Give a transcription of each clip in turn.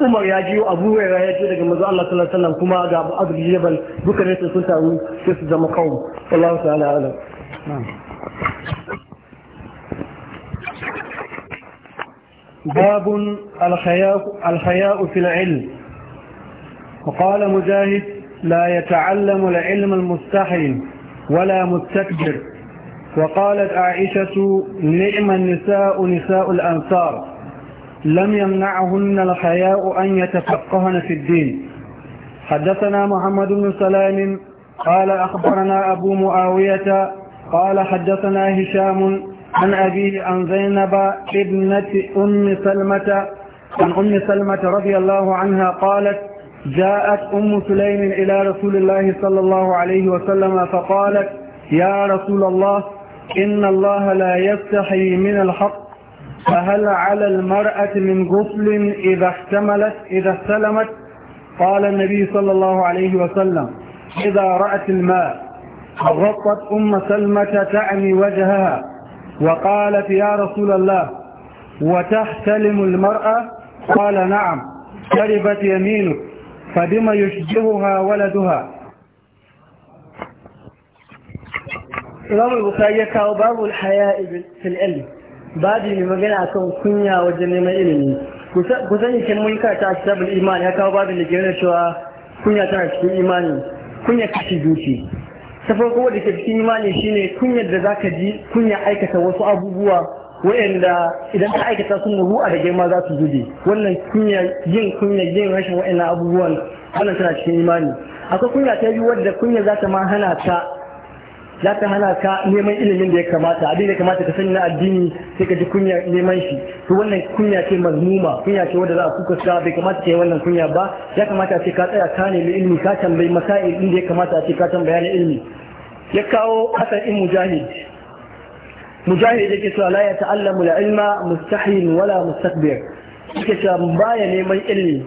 Umar ya jiyo Abu Hurairah ya jiyo daga manzo Allah sallallahu alaihi wasallam kuma ga Abu Abd Jabal duka ne sun taru sai su zama kawun wallahu ta'ala ala باب الحياء الحياء في العلم وقال مجاهد لا يتعلم العلم المستحيل ولا مستكبر وقالت عائشة نعم النساء نساء الأنصار لم يمنعهن الحياء أن يتفقهن في الدين حدثنا محمد بن سلام قال أخبرنا أبو معاوية قال حدثنا هشام عن أبيه عن زينب ابنة أم سلمة عن أم سلمة رضي الله عنها قالت جاءت أم سليم إلى رسول الله صلى الله عليه وسلم فقالت يا رسول الله إن الله لا يستحي من الحق فهل على المرأة من غسل إذا احتملت إذا استلمت قال النبي صلى الله عليه وسلم إذا رأت الماء غطت أم سلمة تعني وجهها وقالت يا رسول الله وتحتلم المرأة قال نعم شربت يمينك فبما يشبهها ولدها الإمام البخاري يكره الحياء في العلم babi mai magana akan kunya wajen neman ilimi ku sani kin mun ta kitabul iman ya kawo babin da ke nuna cewa kunya tana cikin imani kunya ci zuci ta farko da ke cikin imani shine kunyar da zaka ji kunya aikata wasu abubuwa wa'anda idan ka aikata sun ruhu a da girma za su gudu, wannan kunya yin kunya yin rashin wa'annan abubuwan wannan tana cikin imani akwai kunya ta biyu wadda kunya za ta ma hana ta za ta hana ka neman ilimin da ya kamata abin da kamata ka sani na addini sai ka ji kunya neman shi to wannan kunya ce mazmuma kunya ce wadda za a kuka sa bai kamata ka yi wannan kunya ba ya kamata ce ka tsaya ka nemi ilimi ka tambayi masail inda ya kamata ce ka tambaya na ilimi ya kawo hasan in mujahid mujahid yake cewa la ya ta'allamu la ilma mustahin wala mustakbir yake cewa baya neman ilimi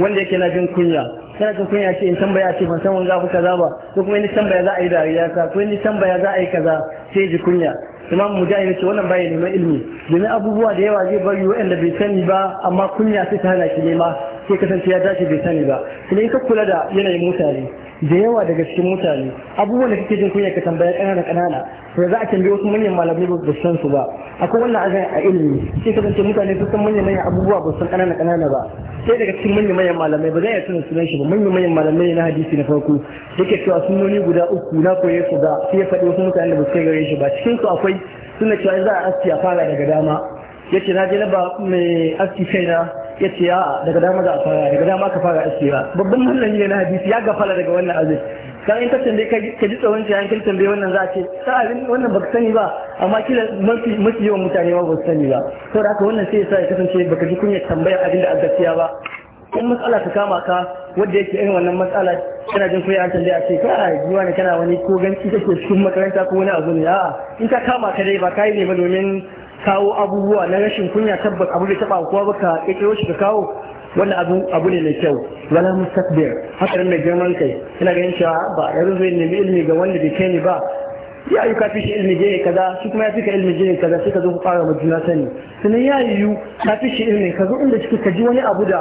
wanda yake na jin kunya kana jin kunya ce in tambaya ce ban san wani abu kaza ba ko kuma in tambaya za a yi dariya ka ko in tambaya za a yi kaza sai ji kunya mu imam mujahid ce wannan bai neman ilimi domin abubuwa da yawa zai bari wa'anda bai sani ba amma kunya sai ta hana shi nema sai kasance ya dace bai sani ba in ka kula da yanayin mutane da yawa daga cikin mutane abubuwan da kake jin kunya ka tambaya ƙanana ƙanana da za a tambaye wasu manyan malamai ba su san su ba akwai wannan azan a ilimi sai ka zance mutane su san manyan manyan abubuwa ba san ƙanana ƙanana ba sai daga cikin manyan manyan malamai ba zai iya tuna sunan shi ba manyan manyan malamai na hadisi na farko yake cewa sunoni guda uku na koye su ga sai ya faɗi wasu mutane da ba su kai gare shi ba cikin su akwai suna cewa za a aski a fara daga dama yace na je na ba mai aski kaina ya ce ya daga dama za a fara daga dama ka fara asira babban malami ne na hadisi ya gafala daga wannan azumi kan in ka tambaye ka ji tsawon ciyayin kin tambaye wannan za a ce ta abin wannan baka sani ba amma kila mafi yawan mutane ba su sani ba saboda haka wannan sai ya sa ya kasance baka ji kunya tambaya abin da a gaskiya ba in matsala ta kama ka wadda yake irin wannan matsala kana jin koyi an a ce ka jiwa ne kana wani ko ganci kake cikin makaranta ko wani abu ne a'a in ka kama ka dai ba kai ne ba domin kawo abubuwa na rashin kunya tabbas abu bai taba kowa ba ka shi ka kawo wannan abu abu ne mai kyau wala mustakbir haka mai girman kai ina ganin cewa ah, ba yanzu zai nemi ilimi ga wanda bai kai ni ba ya yi kafi shi ilmi jini kaza shi kuma ya fi ka ilmi jini kaza sai ka zo ku fara ma juna sani sannan ya yiwu kafi shi ilmi ka zo inda kika ka ji wani abu da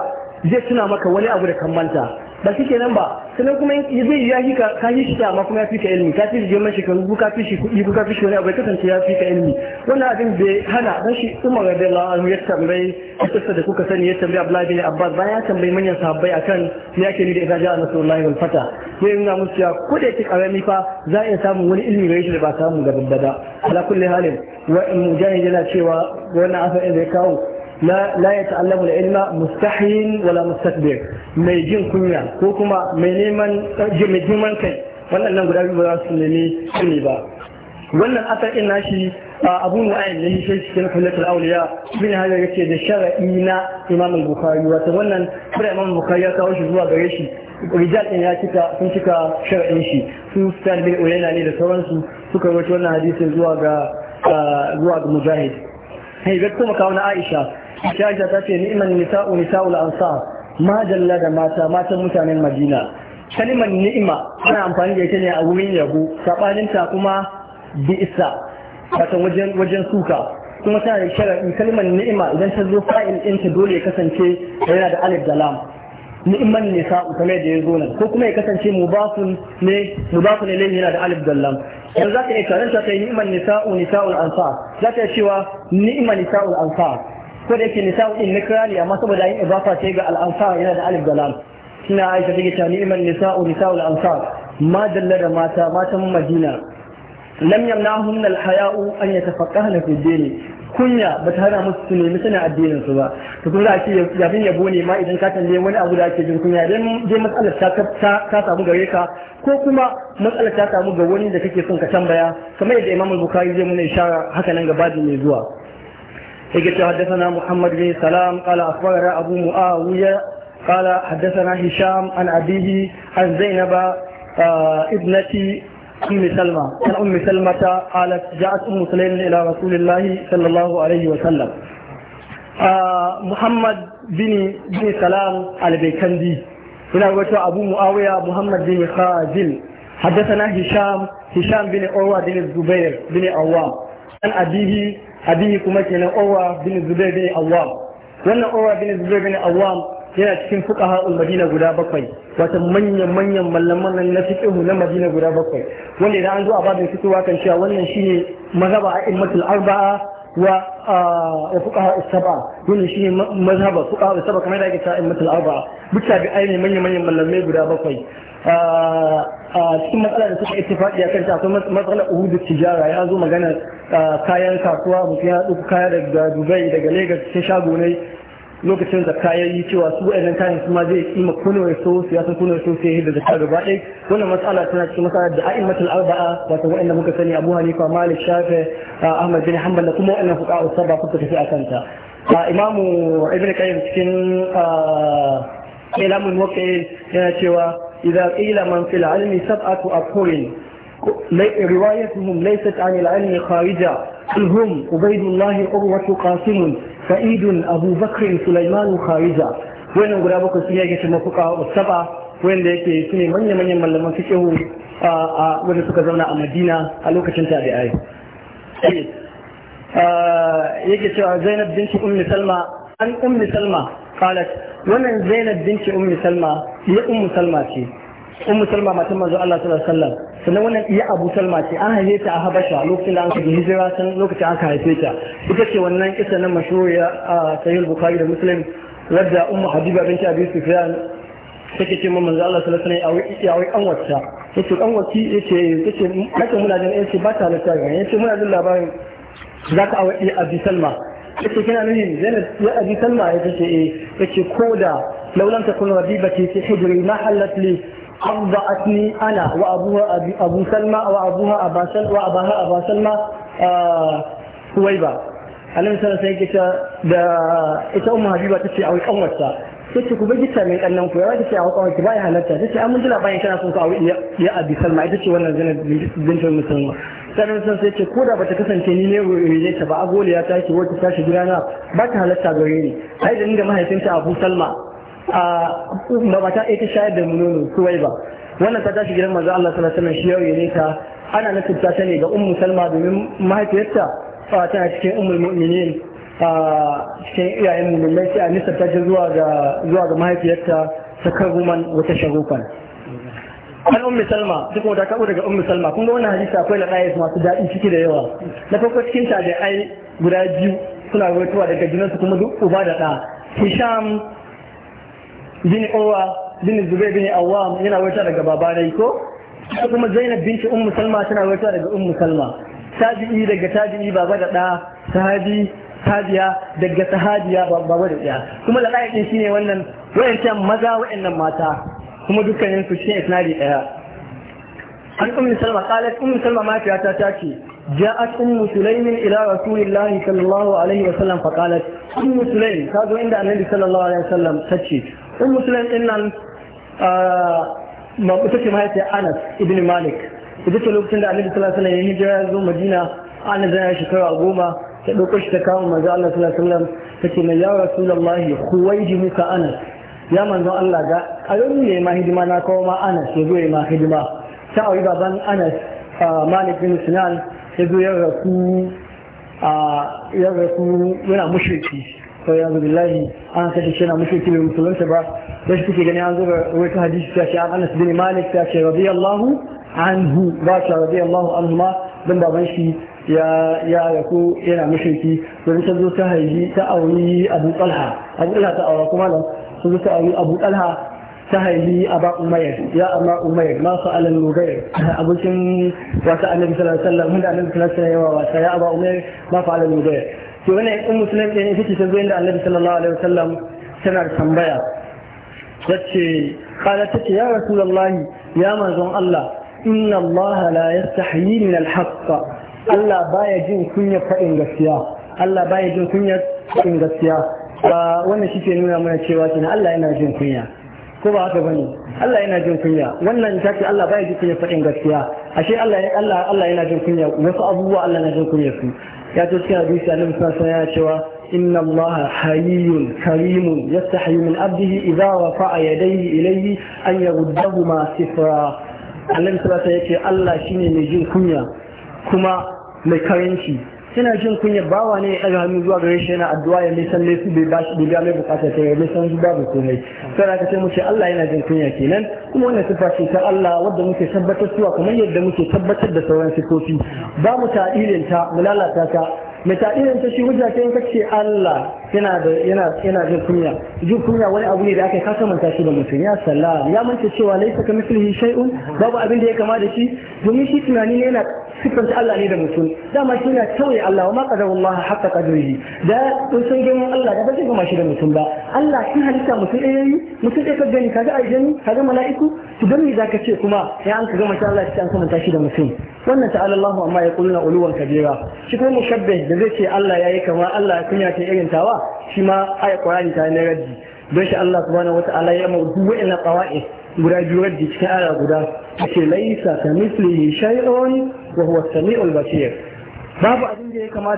zai tuna maka wani abu da kan manta Da suke nan ba sannan kuma zai ya shi ka yi shi amma kuma ya fi ka ilimi ka fi shi girman shekaru ko ka fi shi kuɗi ko ka fi shi wani abu kasance ya fi ka ilimi wannan abin bai hana dan shi Umar radiyallahu anhu ya tambayi kisa da kuka sani ya tambayi Abdullahi bin Abbas bayan ya tambayi manyan sahabbai akan me ake ni da idan ja'a Rasulullahi wal fata sai nuna musu ya ko da yake karami fa za iya samun wani ilimi gare shi da ba samu da babbada ba ala kulli halin wa mujahid yana cewa wannan asarin da ya kawo لا لا يتعلم العلم مستحي ولا مستكبر mai jin kunya ko kuma mai neman mai girman kai wannan nan guda biyu ba za su nemi ba wannan asar ina shi abu nu'ayn ne shi cikin hulatul auliya bin hada yake da shara'i na imam al-bukhari wato wannan bai imam bukhari ya kawo shi zuwa gare shi rijal din ya cika sun cika shara'in shi su stand bin uyayna ne da sauransu suka rawaito wannan hadisin zuwa ga zuwa ga mujahid hey kuma kawo aisha Aisha ta ce ni'man nisa'u nisa'ul ansar ma jalla da mata matan mutanen Madina kalimar ni'ima ana amfani da ita ne a wurin yabo sabanin ta kuma bi'sa wato wajen wajen suka kuma tana da sharaɗi kalimar ni'ima idan ta zo fa'il ɗinta dole ya kasance yana da alif da lam ni'man nisa'u kamar da ya zo nan ko kuma ya kasance mudafun ne mudafun ilayhi yana da alif da lam yanzu za ka iya karanta kai ni'man nisa'u nisa'ul ansar za ka iya cewa ni'man nisa'ul ansar ko da yake nisa'u na nikrali amma saboda yin izafa ce ga al'ansar yana da alif da suna aisha take nisa ni'man nisa'u nisa'u al'ansar ma dalla da mata matan madina lam hun al-haya'u an yatafaqqahna na dini kunya ba ta hana musu su nemi sanin addinin su ba to kun za ce yafin yabo ne ma idan ka tambaye wani abu da ake jin kunya idan je matsalar ta samu gare ka ko kuma matsalar ta samu ga wani da kake son ka tambaya kamar yadda imamul Bukhari zai muna ishara haka nan gaba da mai zuwa يجت حدثنا محمد بن سلام قال أخبرنا أبو معاوية قال حدثنا هشام عن أبيه عن زينب ابنة أم سلمة عن أم سلمة قالت جاءت أم سلمة إلى رسول الله صلى الله عليه وسلم محمد بن بن سلام على بيكندي هنا وجه أبو معاوية محمد بن خازل حدثنا هشام هشام بن عروة بن الزبير بن عوام an abihi abihi kuma kenan Urwa bin Zubair bin Awwam wannan Urwa bin Zubair bin Awwam yana cikin fuqaha madina guda bakwai wata manyan manyan mallaman nan na fiqhu na madina guda bakwai wanda idan an zo a babin fitowa kan cewa wannan shine mazhaba a'immatul arba'a wa wa fuqaha as-sab'a wannan shine mazhaba fuqaha as-sab'a kamar da ake cewa a'immatul arba'a mutta bi aini manyan manyan mallamai guda bakwai a cikin matsalar da suka ittifaqi akan ta akwai matsalar uhud tijara ya zo magana kayan kasuwa mutum ya ɗauki kaya daga dubai daga lagos sai shago ne lokacin da kayan yi cewa su wa'annan kayan su ma zai kima kuno ya so su ya san kuno ya so sai da zakka gaba ɗaya wannan matsala tana cikin matsala da a'immatul arba'a wato wa'anda muka sani Abu Hanifa Malik Shafi Ahmad bin Hanbal da kuma wa'annan fuka saba kuka tafi a ta Imamu Ibn Qayyim cikin Ilamul Muwaqqi'in yana cewa idza qila man fil ilmi sab'atu kore. روايتهم ليست عن العلم خارجة بل هم عبيد الله عروة قاسم سعيد أبو بكر سليمان خارجة وين غدا بكر سنيا مفقه والسبع وين يكي سني من يمن يمن لما فيكه wanda suka zauna a madina a lokacin tabi'ai yake cewa zainab binci ummi salma an ummi salma qalat wannan zainab binci ummi salma ya ummu salma ce ummu salma matan manzo Allah sallallahu alaihi wasallam sannan wannan iya abu salma ce an haife ta a habasha lokacin da an kaji hijira san lokacin aka haife ta ita ce wannan kisa na mashhuriya a sahih bukhari da muslim wadda ummu habiba binti abi sufyan take ce mun manzo Allah sallallahu alaihi wasallam ya wai an wacce yace an wacce yace yace haka muna jin yace ba ta lafiya yace muna jin labarin zaka awai abi salma yace kina nuhin zainab ya abi salma yace eh yace ko da لو لم تكن ربيبتي في حجري ما أرضعتني أنا وأبوها أبي أبو سلمى وأبوها أبا سلمى وأباها أبا سلمى سويبة annabi sallallahu alaihi wasallam da ita ummu habiba tace a wakan wata tace ku bagi ta mai kannan ku ya tace a wakan ce bai halatta tace an mun jira bayan kana son ku aure ya abi salma ita ce wannan zainab bint musulma sannan sun sai ce ko da bata kasance ni ne ne ta ba agoliya ta ce wata ta shi gidana ba ta halatta gare ni ai da ni da mahaifinta abu salma a mata ita shayar da nono suwai ba wannan ta tashi gidan manzo Allah sallallahu alaihi wasallam shi yau ne ta ana nasibta ta ne ga ummu salma domin mahaifiyarta fa tana cikin ummul mu'minin a cikin iyayen mu'minai sai an nisabta ta zuwa ga zuwa ga mahaifiyarta ta sakaruman wata sharukan an ummu salma duk wata kabo daga ummu salma kun ga wannan hadisi akwai ladayis masu daɗi ciki da yawa na farko cikin ta da ai guda biyu suna ruwaitowa daga junansu kuma duk uba da ɗa hisham bin Urwa bin Zubair bin awam yana wata daga babanai ko kuma Zainab binti Ummu Salma tana wata daga Ummu Salma tabi'i daga tabi'i baba da da sahabi sahabiya daga sahabiya baba da da kuma da ɗaya shine wannan wayancan maza wayannan mata kuma dukkanin su cikin isnadi ɗaya an ummu salma qalat ummu salma mafiyata ta ce ja'at ummu sulaimin ila rasulillahi sallallahu alaihi wa sallam fa qalat in umm musulai ka zo inda annabi sallallahu alaihi wasallam ta ce in umm musulai din nan ah, ita ce mahaifiyar anas ibn malik ita ce lokacin da annabi sallallahu alaihi wasallam ya hijira ya zo madina anas yana shekara goma ta ɗauko shi ta kama manzo Allah sallallahu alaihi wasallam ta ce mai ya rasulullahi huwaiji muka anas ya manzo Allah ga a yau ne ma hidima na kawo ma anas ya zo ya ma hidima ta auri baban anas ah, malik bin sinan ya zo ya rasu a ya rasu yana mushriki ko ya zubi lahi an kashe shi yana mushriki bai musulunta ba da shi kuke gani an zuba ta hadisi ta ce an anas bin malik ta ce radiyallahu anhu ba ta radiyallahu anhu ma dan baban shi ya ya yako yana mushriki don ta zo ta haihi ta auri abu talha abu talha ta aura kuma nan sun zo ta auri abu talha a ba umayyad ya amma umayyad ma su alal nugair abokin wata annabi sallallahu alaihi wasallam wanda annabi sallallahu alaihi wasallam yawa wasa ya aba umayyad ma su alal nugair to wannan in musulmi ne ita ta zo inda annabi sallallahu alaihi wasallam tana da tambaya yace kala tace ya rasulullahi ya manzon Allah inna Allah la yastahyi min al-haqq Allah baya jin kunya fadin gaskiya Allah baya jin kunya fadin gaskiya wannan shi ke nuna mana cewa kina Allah yana jin kunya ko ba haka bane Allah yana jin kunya wannan ta ce Allah baya jin kunya faɗin gaskiya ashe Allah Allah Allah yana jin kunya wasu abubuwa Allah yana jin kunya su ya ce cikin hadisi Annabi sallallahu alaihi cewa inna Allah hayyun karimun yastahi min abdihi idza rafa'a yadayhi ilayhi an yaruddahuma sifra Annabi sallallahu alaihi ya ce Allah shine mai jin kunya kuma mai karanci suna jin kunya bawa ne ya ɗaga hannu zuwa gare shi yana addu'a ya nisan ne su bai ba shi biya mai bukata ta ya nisan su babu komai sai ka ce mu ce Allah yana jin kunya kenan kuma wannan sifa ce ta Allah wadda muke tabbatar suwa kamar yadda muke tabbatar da sauran sifofi ba mu ta mu lalata ta misalin ta shi hujja ta yanka ce Allah yana da yana yana jin kunya jin kunya wani abu ne da aka kasa manta shi da mutum ya sallam ya manta cewa laisa ka mislihi shay'un babu abin da ya kama da shi domin shi tunani ne yana sifanta Allah ne da mutum dama shi yana tauye Allah wa ma qadarullah haqqa qadrihi da kun san girman Allah da ba zai kama shi da mutum ba Allah shi halitta mutum ɗaya yayi mutum ɗaya ka gani kaga aljani kaga mala'iku to dan me zaka ce kuma ya an ka gama shi Allah shi an kamanta shi da mutum wannan ta Allahu amma ya kulna uluwan kabira shi kuma mushabbih da zai ce Allah yayi kama Allah ya kunya ta irin tawa shi ma ayi Qur'ani ta ne raddi don shi Allah subhanahu wata'ala ya mu duk wa'ina qawa'i guda biyu raddi cikin al'a guda ce laisa ka mislihi shay'un wa huwa as-sami'ul basir babu abin da ya kama da